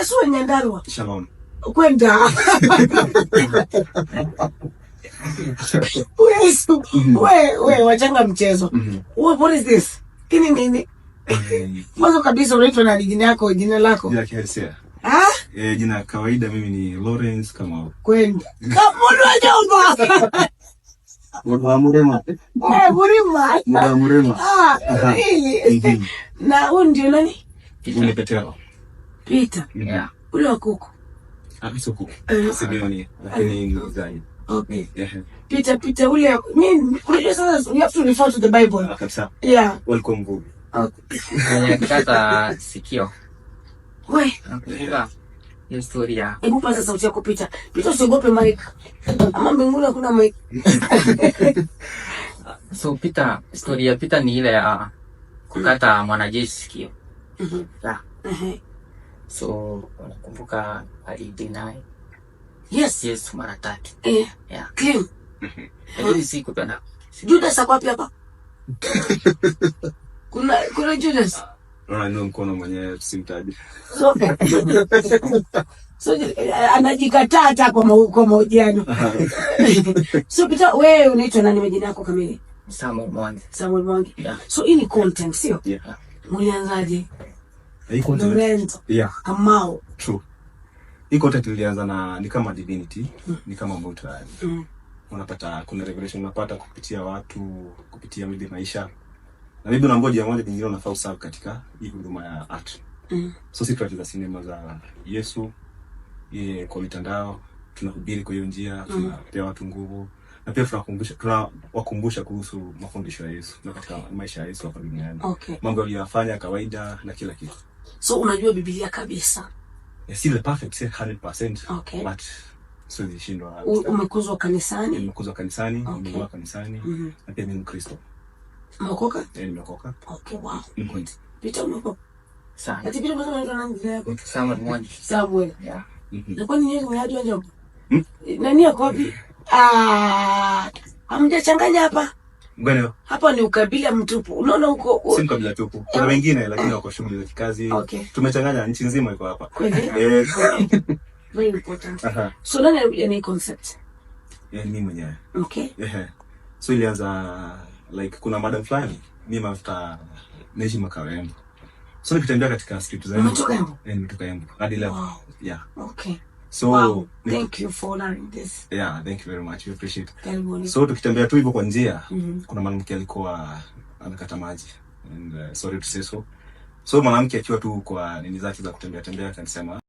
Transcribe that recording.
Yesu Nyandarua. Shalom. Kwenda. Yesu, mm-hmm. we we wachanga mchezo. Mm-hmm. What is this? Kini nini? Mwanzo kabisa unaitwa na jina yako, jina lako? Jina kihalisia. Ah? Eh, jina kawaida mimi ni Lawrence Kamau. Kwenda. Kamau ajomba. Murema. Eh, Murema. Murema. Ah, really? Mm-hmm. Na huyu ndio nani? Unipetero. Peter. Yeah. Ule wa kuku. Ah, sio kuku. Eh, Sioni. Lakini eh. ni gani? Okay. Yeah. Peter, Peter ule mimi unajua sasa you have to refer to the Bible. Ah, kabisa. Yeah. Walikuwa mvuvi. Okay. Kwenye kata sikio. Wewe. Okay. hiyo story ya. Hebu paza sauti yako Peter. Peter usiogope Mike. Ama mbinguni hakuna Mike. So Peter, story ya Peter ni ile ya kukata mwanajeshi sikio. Mhm. Mm yeah. Uh mm-hmm. -huh. So wanakumbuka alideny yes yes mara tatu eh, yeah clean hivi si kupenda Judas hapo hapa kuna kuna Judas unajua ah, mkono mwenyewe simtaji so, so anajikataa hata kwa kwa mahojiano so Peter, wewe unaitwa nani majina yako kamili? Samuel Mwangi. Samuel Mwangi. Yeah. So hii ni content sio? Yeah. Mulianzaje? Hii content Laurent yeah. Kamau. True. Hii content ilianza na ni kama divinity, mm. ni kama mortuary. Mm. Unapata kuna revelation unapata kupitia watu, kupitia mimi maisha. Na maybe unangoja moja nyingine unafaa usawa katika hii huduma ya art. Mm. So sisi tunacheza sinema za Yesu ye, kwa mitandao tunahubiri kwa hiyo njia, hmm. tunapea watu nguvu na pia tunakumbusha tunawakumbusha kuhusu mafundisho ya Yesu na katika maisha ya Yesu hapa duniani. Okay. Mambo aliyofanya kawaida na kila kitu. So unajua Biblia kabisa. Yes, perfect, say 100%. Okay. But so Umekuzwa kanisani? umekuzwa kanisani, umekuwa kanisani. Mm-hmm. Na pia ni Mkristo. Umeokoka? Eh, Okay, wow. Mm -hmm. Peter Sana. Ati Peter umeokoka na nani yako? Samuel Mwangi. Samuel. Yeah. Na kwa nini umeaje hapo? Hmm? Nani yako Ah, hamjachanganya hapa. Mgano. Hapa ni ukabila mtupu. Unaona huko U... si ukabila tupu. Kuna yaani- wengine lakini wako shughuli za kikazi. Okay. Tumechanganya nchi nzima iko hapa. Eh. Very important. Aha. So nani alikuja na concept? Yeah, mimi mwenyewe. Okay. Yeah. So ilianza like kuna madam fulani mimi mafuta naishi Makawembo. So nikitembea katika street za Embu. Eh, nimetoka Embu. Hadi leo. Wow. Yeah. Okay. So wow. Thank you for learning this. Yeah, thank you very much. We appreciate So tukitembea tu hivyo kwa njia mm -hmm. kuna mwanamke alikuwa anakata maji and uh, sorry to say so. So mwanamke akiwa tu kwa nini zake za kutembea tembea akanisema